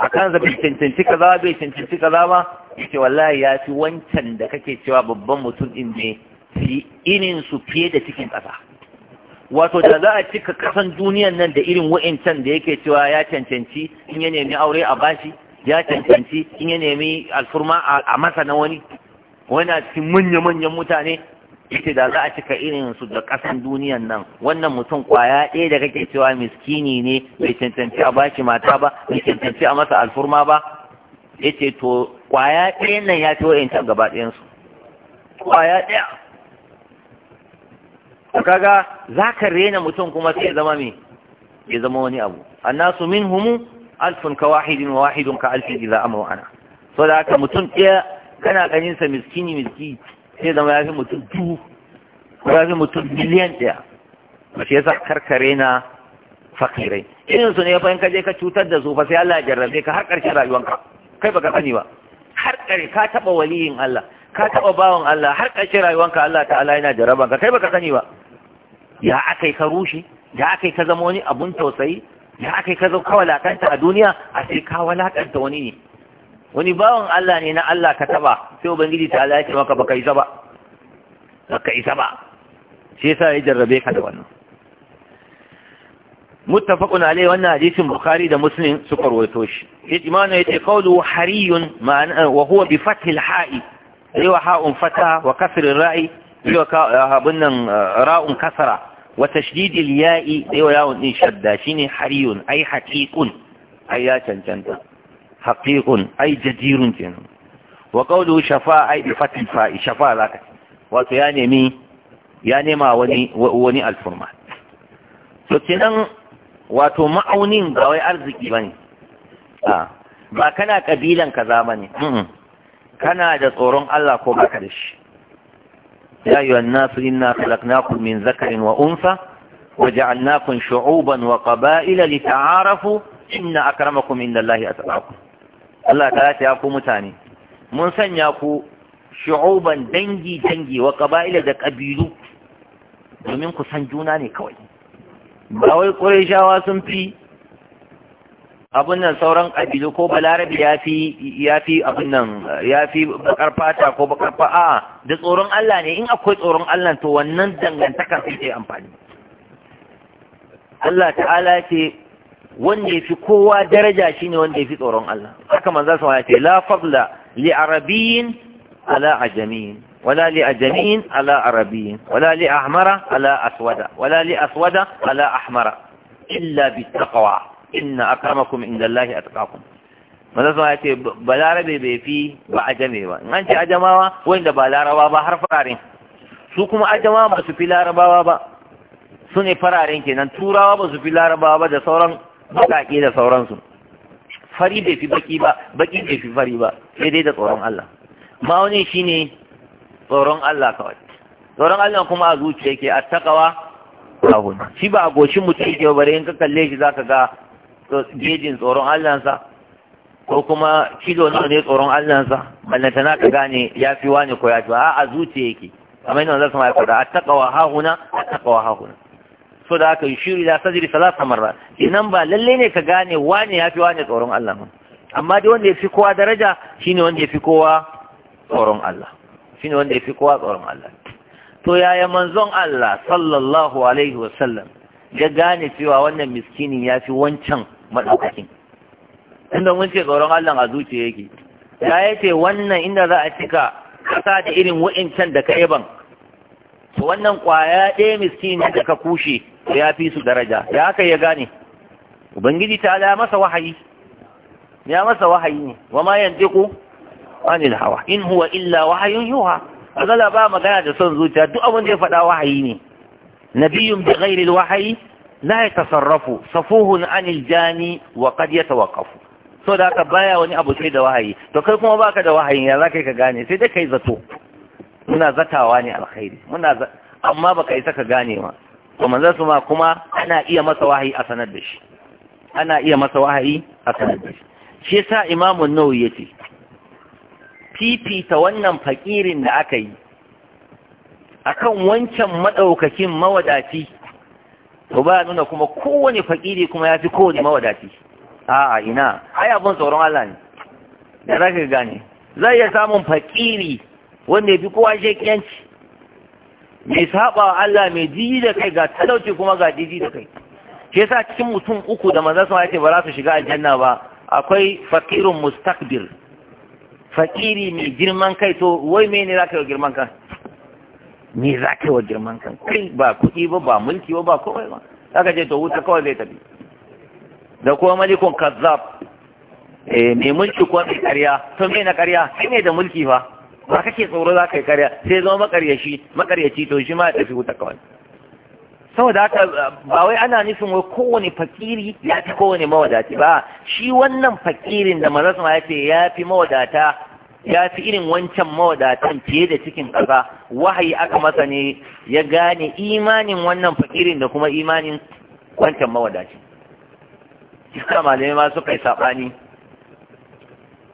a kan zabi cancanci bai cancanci za ba yace wallahi ya fi wancan da kake cewa babban mutum din ne fi irin su fiye da cikin kasa wato da za a cika kasan duniyan nan da irin wa'incan da yake cewa ya cancanci in ya nemi aure a bashi ya cancanci in ya nemi alfurma a masa na wani wani a cikin manya-manyan mutane yace da za a cika irin su da kasan duniyan nan wannan mutum kwaya ɗaya da kake cewa miskini ne bai cancanci a bashi mata ba bai cancanci a masa alfurma ba ce to kwaya ɗaya nan ya fi wa'yancan gaba ɗayan su kwaya ɗaya to kaga za ka rena mutum kuma sai zama me ya zama wani abu annasu humu alfun ka wahidin wa wahidun ka alfin idza amru ana saboda haka mutum ɗaya kana ganinsa miskini miskini sai zama ya fi mutum dubu ko ya fi mutum miliyan ɗaya mace yasa karkare na fakirai irin su ne ya fahimta ka je ka cutar da su fa sai Allah ya jarrabe ka har ƙarshen rayuwanka kai baka sani ba har ƙare ka taɓa waliyin Allah ka taɓa bawan Allah har ƙarshen rayuwanka Allah ta'ala yana jarraban ka kai baka sani ba ya akai ka rushe ya akai ka zama wani abun tausayi ya akai ka zo ka walakanta a duniya a sai ka walakanta wani ne wani bawan Allah ne na Allah ka taba sai ubangiji ta Allah ya ce maka baka isa ba baka isa ba shi yasa ya jarrabe ka da wannan muttafaqun alai wannan hadisin bukhari da muslim suka rawaito shi ijmanu yace qawlu hariyun ma'ana wa huwa bi fathi al-ha'i sai wa ha'un fata wa kasr ra'i sai wa abun nan ra'un kasara wa tashdid al-ya'i sai wa ya'un din shadda shine hariyun ai haqiqun ai ya cancanta Haƙiƙun ai jadirun kenan wa qawlu shafa ai bi fatin fa'i shafa zaka wato ya nemi ya nema wani alfurma to kenan wato ma'aunin ba wai arziki ba ne. ba kana kabilan kaza bane kana da tsoron Allah ko baka da shi ya ayyuha an-nasu inna khalaqnakum min dhakarin wa untha وجعلناكم شعوبا وقبائل لتعارفوا إن أكرمكم عند الله أتقاكم Allah ta ya ku mutane mun sanya ku shu'uban dangi dangi wa kabaila da kabilu domin ku san juna ne kawai ba wai qurayshawa sun fi abin nan sauran kabilu ko balarabi ya fi ya fi abin nan ya fi bakar fata ko bakar fa'a da tsoron Allah ne in akwai tsoron Allah to wannan dangantakar sai amfani Allah ta'ala ce wanda ya fi kowa daraja shine wanda ya fi tsoron Allah haka manzo sa ya ce la fadla li arabiyyin ala ajamiyin wala li ajamiyin ala arabiyyin wala li ahmara ala aswada wala li aswada ala ahmara illa bi taqwa inna akramakum indallahi atqakum manzo sa ya ce ba balarabe bai fi ba ajame ba in an ce ajamawa wanda ba laraba ba har fararin su kuma ajamawa ba su fi larabawa ba su ne fararen kenan turawa ba su fi larabawa ba da sauran baƙaƙe da sauransu fari bai fi baki ba baki bai fi fari ba sai dai da tsoron Allah ma'aunin ne tsoron Allah kawai tsoron Allah kuma a zuciya yake a takawa rahun shi ba a goshin mutum yake bare in ka kalle shi zaka ga gejin tsoron Allah sa ko kuma kilo nawa ne tsoron Allah sa ballanta na ka gane ya fi wani ko ya fi a a zuciya yake kamar yadda zan sama ya faɗa a takawa hahuna a takawa hahuna so da aka yi yushiru da sadiri salasa marra inan ba lalle ne ka gane wane yafi wane tsoron Allah amma dai wanda yafi kowa daraja shine wanda yafi kowa tsoron Allah shine wanda yafi kowa tsoron Allah to yaya manzon Allah sallallahu alaihi wasallam ya gane cewa wannan miskinin yafi wancan madaukakin inda mun ce tsoron Allah a zuciya yake ya yace wannan inda za a cika kasa da irin wa'incan da ka yaban wannan kwaya ɗaya miskini da ka kushe ya fi su daraja ya haka ya gane ubangiji ta ala masa wahayi ya masa wahayi ne wa ma yantiqu anil hawa in huwa illa wahayun yuha azala ba magana da son zuciya duk abin da ya faɗa wahayi ne nabiyyun bi ghairi alwahyi la yatasarrafu safuhun anil jani wa qad yatawaqqafu so da haka baya wani abu sai da wahayi to kai kuma baka da wahayi ya zaka ka gane sai dai kai zato muna zatawa ne alkhairi muna amma baka isa ka gane ma to manzo su ma kuma ana iya masa wahayi a sanar da shi ana iya masa wahayi a sanar da shi shi yasa imamu nawawi yace ta wannan fakirin da aka yi akan wancan madaukakin mawadaci to ba nuna kuma kowane fakiri kuma ya fi kowane mawadaci a'a ina ai abun tsoron Allah ne da zaka gane zai iya samun fakiri wanda ya fi kowa shekiyanci mai saba Allah mai jiji da kai ga talauci kuma ga jiji da kai Ke sa cikin mutum uku da manzon sa yace ba za su shiga aljanna ba akwai fakirun mustakbir fakiri mai girman kai to wai me ne za ka yi wa girman kan me ka yi wa girman kan kai ba kuɗi ba ba mulki ba ba komai ba ka je to wuta kawai zai tafi da kuma malikun kazzab eh, mai mulki ko mai ƙarya to me na ƙarya kai ne da mulki fa ba kake tsoro za ka yi karya sai zama makaryaci makaryaci to shi ma ya tafi wuta kawai saboda haka ba wai ana nufin wai kowane fakiri ya fi kowane mawadaci ba shi wannan fakirin da manzon sama ya ce ya fi mawadata ya fi irin wancan mawadatan fiye da cikin kasa wahayi aka masa ne ya gane imanin wannan fakirin da kuma imanin wancan mawadaci. Iska malamai ma suka yi saɓani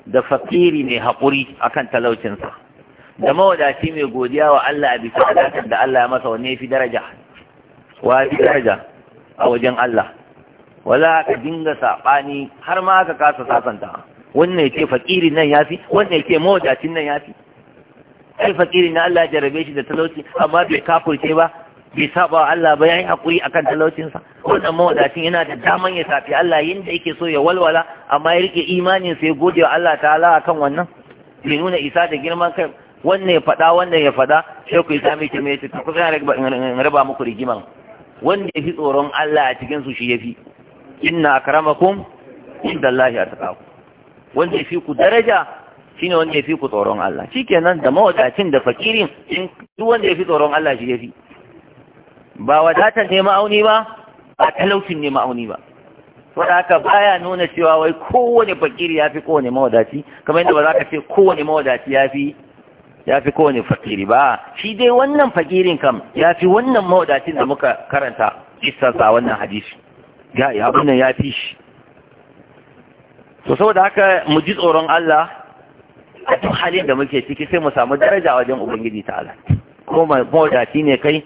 da fakiri mai haƙuri akan talaucinsa da mawadaci mai godiya wa Allah a bisa alaƙar da Allah ya masa wane fi daraja wa fi daraja a wajen Allah wala ka dinga saɓani har ma ka kasa sasanta wannan ya ce fakiri nan ya fi wannan ya ce mawadacin nan ya fi ai fakiri na Allah ya jarabe shi da talauci amma bai kafurce ba bai saba Allah ba haƙuri hakuri akan talaucinsa wannan mawadacin yana da daman ya tafi Allah yanda yake so ya walwala amma ya rike imanin sa ya gode wa Allah ta'ala akan wannan bai nuna isa da girman kai wannan ya faɗa wannan ya faɗa sai ku isa mai kime ce ku sai raba muku rigiman wanda ya fi tsoron Allah a cikin su shi yafi inna akramakum taɓa ku. wanda ya fi ku daraja shine wanda ya fi ku tsoron Allah shikenan da mawadacin da fakirin duk wanda ya fi tsoron Allah shi ya fi ba wadatar ne ma'auni ba ba talaucin ne ma'auni ba wadda aka baya nuna cewa wai kowane fakiri ya fi kowane mawadaci kamar yadda ba za ka ce kowane mawadaci ya fi kowane fakiri ba shi dai wannan fakirin kam ya fi wannan mawadacin da muka karanta istansa wannan hadisi ya abin nan ya fi shi to saboda haka mu ji tsoron Allah a duk halin da muke ciki sai mu samu daraja wajen ubangiji ta'ala ko mawadaci ne kai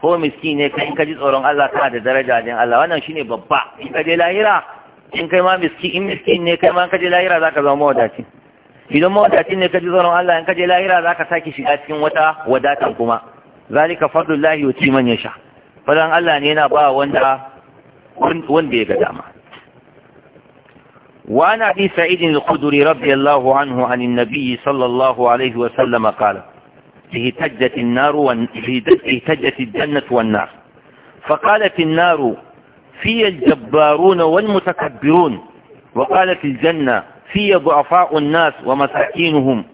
ko miski ne kai ka ji tsoron Allah kana da daraja din Allah wannan shine babba in ka je lahira in kai ma miski in miski ne kai ma ka je lahira zaka zama mawadaci idan mawadaci ne ka ji tsoron Allah in ka je lahira zaka saki shiga cikin wata wadatan kuma zalika fadlullahi yuti man yasha fadan Allah ne yana ba wanda wanda ya ga dama وعن أبي سعيد الخدري رضي الله عنه عن النبي sallallahu alaihi wa وسلم قال اهتجت النار وان... اهتجت الجنة والنار فقالت النار في الجبارون والمتكبرون وقالت الجنة في ضعفاء الناس ومساكينهم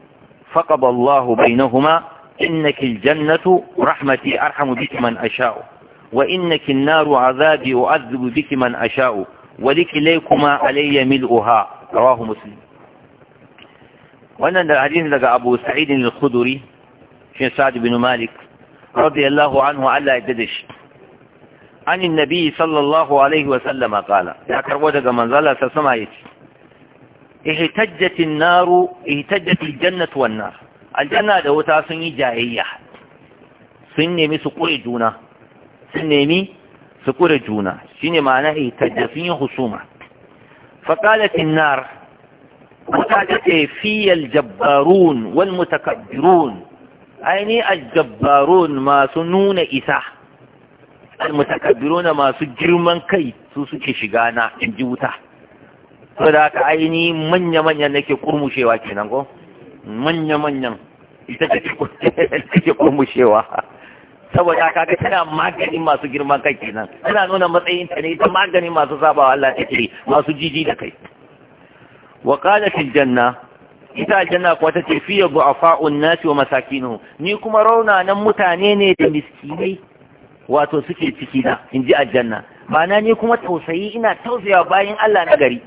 فقضى الله بينهما إنك الجنة رحمتي أرحم بك من أشاء وإنك النار عذابي أعذب بك من أشاء ولكليكما علي ملؤها رواه مسلم وأنا الحديث لقى أبو سعيد الخدري shi sa'ad bin malik radiyallahu anhu Allah ya shi an annabi sallallahu alaihi wa sallama ya karbo daga manzala sa sama yace ihtajjat an-naru ihtajjat al-jannatu wan-nar aljanna da wuta sun yi jayayya sun nemi su kure juna sun nemi su kure juna shine ma'ana ihtajjat sun yi husuma فقالت النار وقالت في الجبارون والمتكبرون aini ajabbarun masu nuna isa almutakabbiruna masu girman kai su suke shiga na in ji wuta saboda ka aini manya-manyan nake kurmushewa kenan ko manya-manyan ita take kurmushewa saboda ga tana maganin masu girman kai kenan tana nuna matsayin ta ne ita maganin masu sabawa Allah take masu jiji da kai wa qalat aljanna ita aljanna kuwa ta ce fiye a fa’un nasi wa masakinu ni kuma rauna raunanan mutane ne da miskini wato suke ciki na in ji aljanna ba na ni kuma tausayi ina tausaya bayan Allah na gari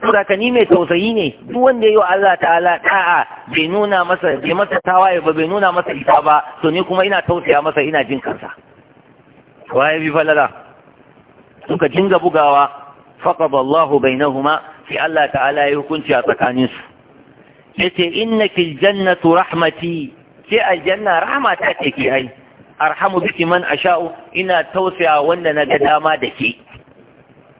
saboda ni mai tausayi ne duk wanda ya yi wa Allah ta'ala ta'a bai nuna masa bai masa tawaye ba bai nuna masa ita ba to ni kuma ina tausaya masa ina jin kansa waye bi falala suka dinga bugawa faqada bainahuma sai Allah ta'ala ya hukunci a tsakaninsu yace inna fil jannatu rahmati ke aljanna rahma ta ce ke ai arhamu biki man asha'u ina tausaya wanda naga dama da ke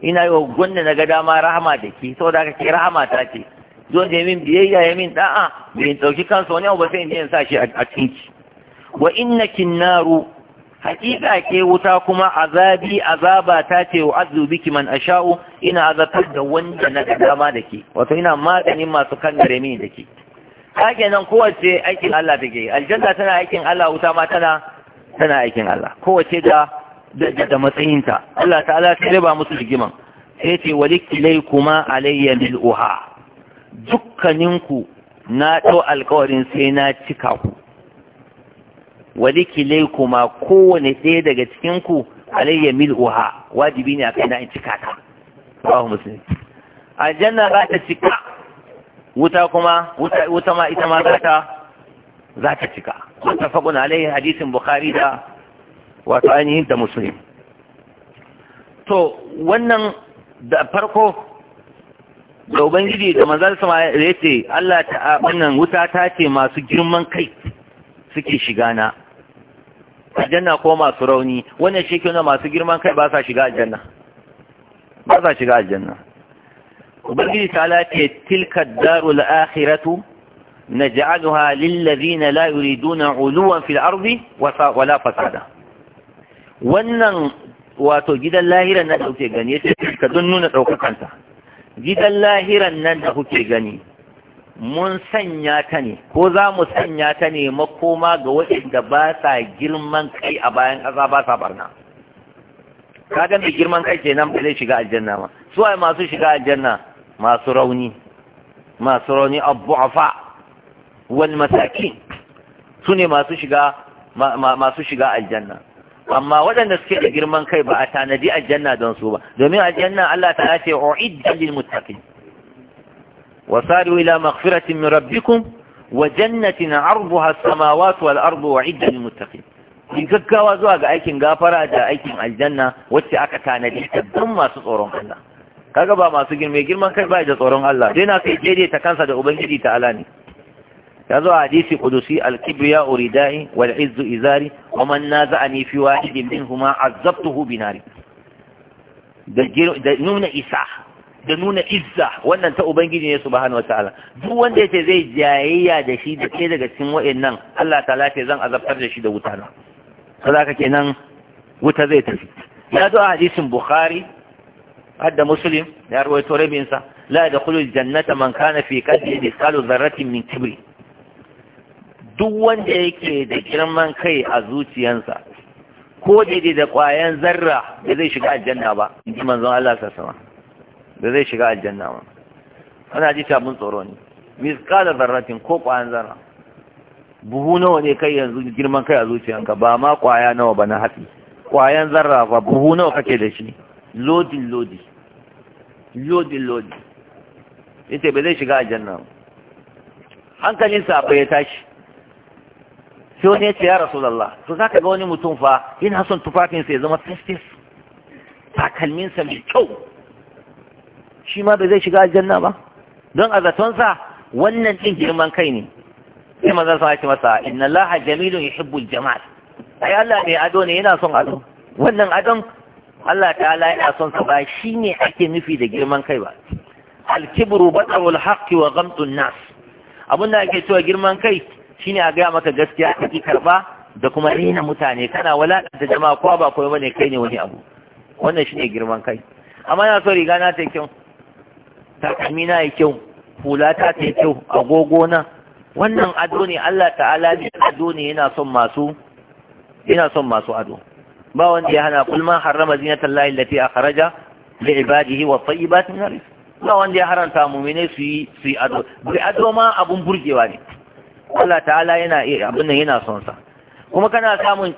ina yi wa na ga dama rahama da ke saboda aka ke rahama ta ce zo da yamin biyayya yamin da'a bai ɗauki kansa wani abu sai in je sa shi a cikin wa inna kinnaru hakika ke wuta kuma azabi azaba ta ce wa azu biki man asha'u ina azabtar da wanda na dama da ke wato ina maganin masu kan gare mini da ke Kake nan kowace aikin Allah ke. aljanna tana aikin Allah wuta ma tana tana aikin Allah kowace da da matsayinta Allah ta'ala ta riba musu rigiman sai ce walikilai kuma alayya bil uha dukkaninku na to alkawarin sai na cika ku wa kuma kowane ɗaya daga cikinku alayya mil uha wajibi ne kai na in cika ta rawahu musulmi aljanna za ta cika wuta kuma wuta ma ita ma za ta za ta cika faɗin alayya hadisin bukhari da wato ainihin da Musulmi. to wannan da farko da ubangiji da manzon sama ya ce Allah ta wannan wuta ta ce masu girman kai suke shiga na aljanna ko masu rauni wannan shi kenan masu girman kai ba sa shiga aljanna ba sa shiga aljanna ubangiji ta lafiya tilka darul akhiratu naj'aluha lil ladina la yuriduna uluwan fil ardi wala fasada wannan wato gidan lahiran nan da kuke gani yace ka don nuna daukakanta gidan lahiran nan da kuke gani mun sanya ta ne ko za mu sanya ta ne makoma ga waɗanda ba sa girman kai a bayan ƙasa ba sa barna kaga mai girman kai kenan ba zai shiga aljanna ma su ai masu shiga aljanna masu rauni masu rauni fa wani masakin su ne masu shiga masu shiga aljanna amma waɗanda suke da girman kai ba a tanadi aljanna don su ba domin aljanna Allah ta ce uiddat lil muttaqin وصاروا إلى مغفرة من ربكم وجنة عرضها السماوات والأرض وعدة للمتقين in gaggawa zuwa ga aikin gafara da aikin aljanna wacce aka tanadi ta don masu tsoron Allah kaga ba masu girme girman kai ba da tsoron Allah dai na sai daidaita kansa da ubangiji ta ala ne ya zo a hadisi qudusi al-kibriya uridai wal izzu izari wa man naza'ani fi wahidin minhuma azabtuhu binari da nuna isa da nuna izza wannan ta ubangiji ne subhanahu wataala duk wanda yace zai jayayya da shi da ke daga cikin wayennan Allah ta'ala ce zan azabtar da shi da wuta na sadaka kenan wuta zai tafi ya zo a hadisin bukhari hadda muslim ya rawaito rabin sa la yadkhulu jannata man kana fi qalbi mithqalu dharratin min kibri duk wanda yake da girman kai a zuciyansa ko daidai da kwayan zarra da zai shiga aljanna ba in ji manzon Allah sallallahu alaihi wasallam da zai shiga aljanna ma wani ta mun tsoro ne miskala zarratin ko kwayan zarra buhu nawa ne kai yanzu girman kai a zuciyanka ba ma kwaya nawa ba na hatsi kwayan zarra ba buhu nawa kake da shi lodin lodi lodin lodi ita ba zai shiga aljanna ba hankalinsa sa ya tashi sai wani ya ce ya rasulallah to za ka ga wani mutum fa yana son tufafinsa ya zama festif takalminsa mai kyau shi ma bai zai shiga aljanna ba don a zatonsa wannan ɗin girman kai ne sai maza sa ce masa inna Laha jamilun yuhibbul jamal ai Allah ne ado ne yana son ado wannan adon Allah ta'ala yana son sa ba shine ake nufi da girman kai ba al-kibru batarul haqqi wa ghamtun nas abin ake cewa girman kai shine a gaya maka gaskiya kake karba da kuma rena mutane kana da jama'a kowa ba kowa bane kai ne wani abu wannan shine girman kai amma yana so riga na ta kyau takalmina ya kyau hulata ta yi kyau agogona wannan ado ne Allah ta'ala ne ado ne yana son masu yana son masu ado ba wanda ya hana kulma harrama zinatan lahi lati akhraja da ibadihi wa tayyibatin nar ba wanda ya haranta mu'mine su yi su yi ado bi ado ma abun burgewa ne Allah ta'ala yana eh, abin nan yana son sa kuma kana samun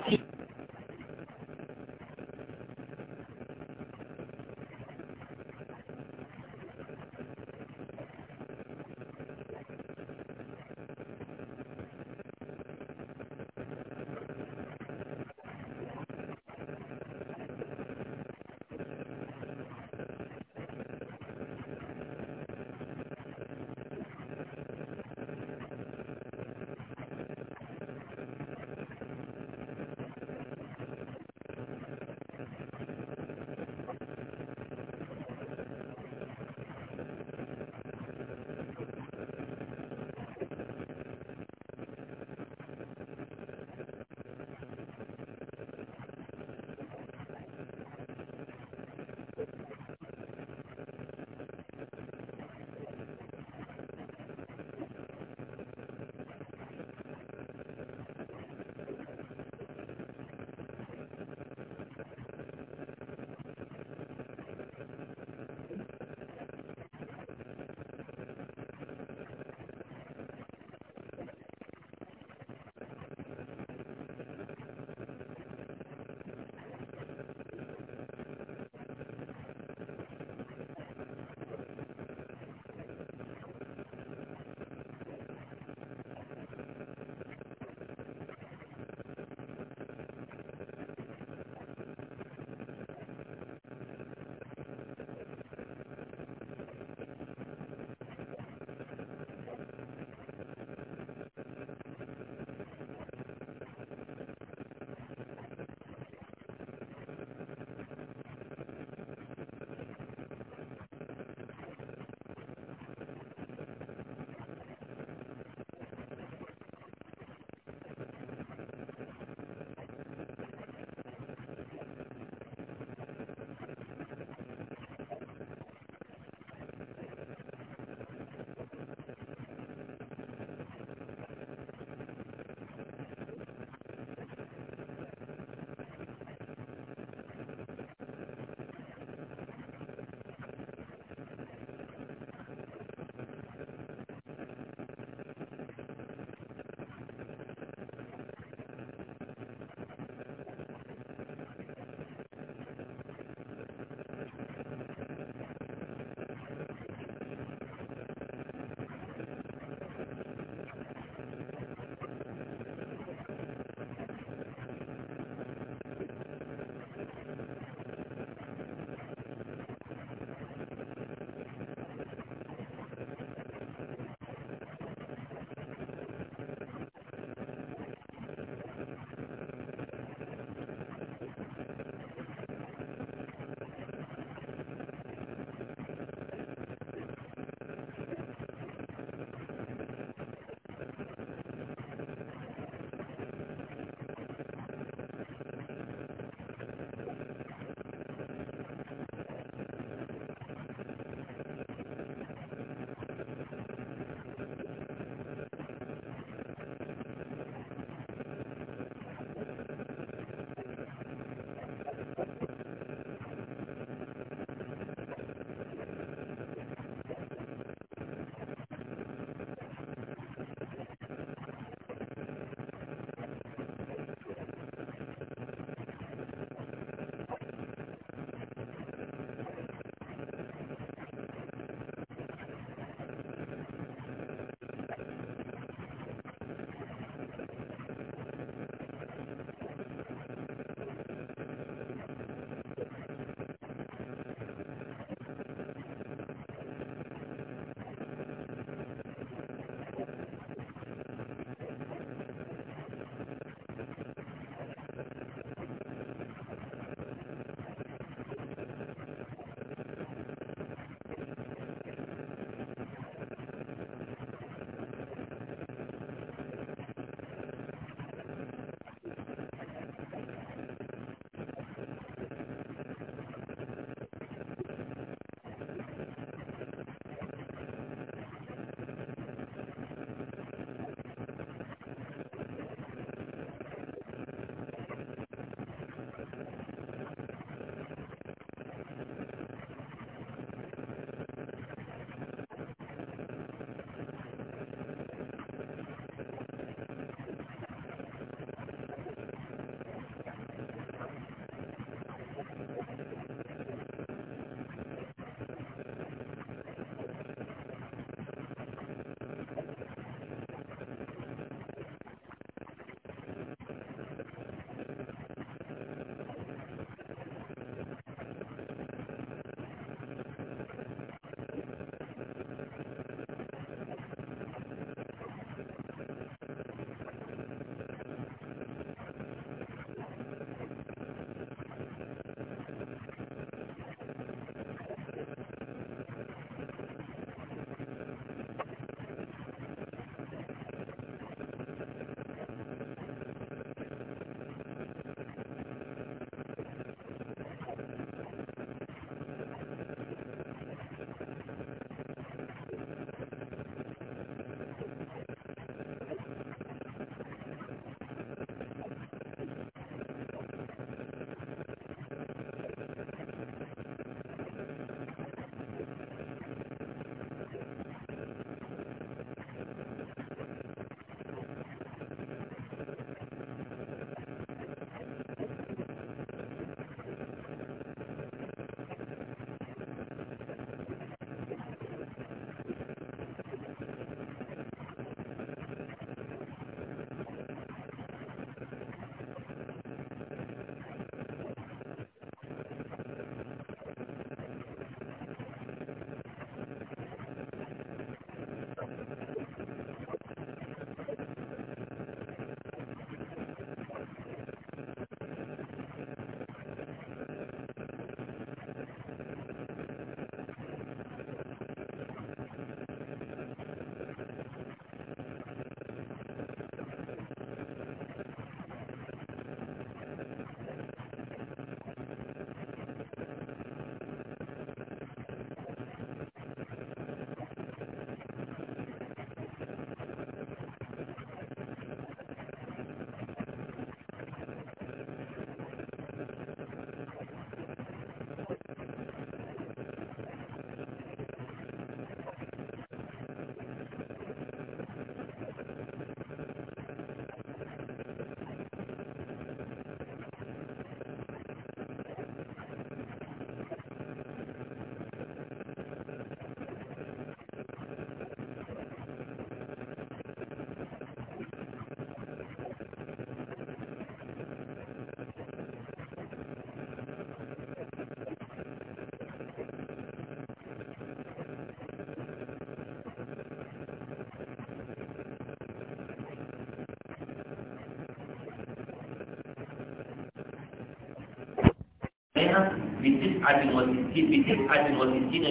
بتسعة وستين بتسعة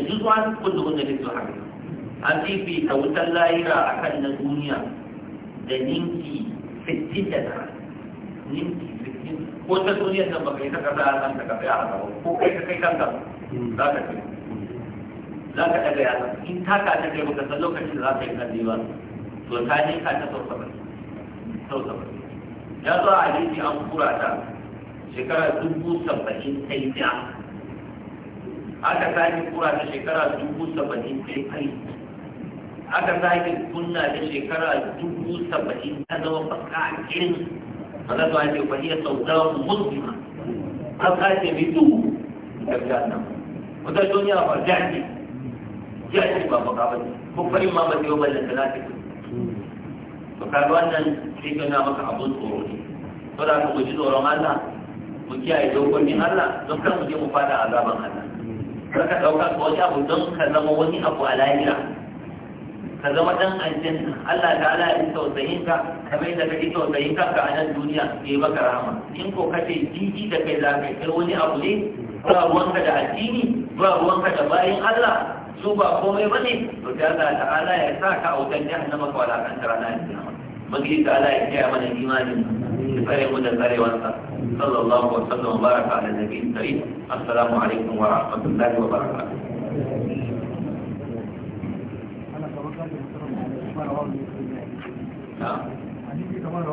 جزءا كلهن مثل حبيب an fifita wutar layira a kan na duniya da ninki 60 da tara ninki 60 ko ta duniya nan baka ta kasa a nan ta kasa ya haka ko kai ka kai kanka za ka kai za ka daga yasa in ta ka kai baka san lokacin da za ka yi kalli ba to ta ne ka ta ya a an kura ta shekara dubu aka sake kura da shekara dubu saba'in sai kai aka sake kunna da shekara dubu saba'in ta zama baka a kirin ba za ta ce ba iya sauta muslima ta sake mai duhu da gana wata duniya ba jaji ce ba baka ba ko farin ma ba ta yi da ballanta na ta to kaga wannan sai ka na maka abun tsoro ne saboda ka guji tsoron Allah mu kiyaye dokokin Allah don kar mu je mu fada azaban Allah ka ɗauka ka wani abu don ka zama wani abu a lahira ka zama ɗan aljanna Allah ta ala yi tausayin ka kamar yadda kake tausayin ka a nan duniya ke maka rahama in ko kace jiji da kai za kai wani abu ne ba ruwanka da addini ba ruwanka da bayan Allah su ba komai ba ne to ta Allah ta'ala ya sa ka a wutar jahannama ka wala kan tarana ya kiyama magidi ta Allah ya kiyaye mana imanin فرق البر والبحر صلى الله وسلم وبارك على النبي الكريم السلام عليكم ورحمه الله وبركاته نعم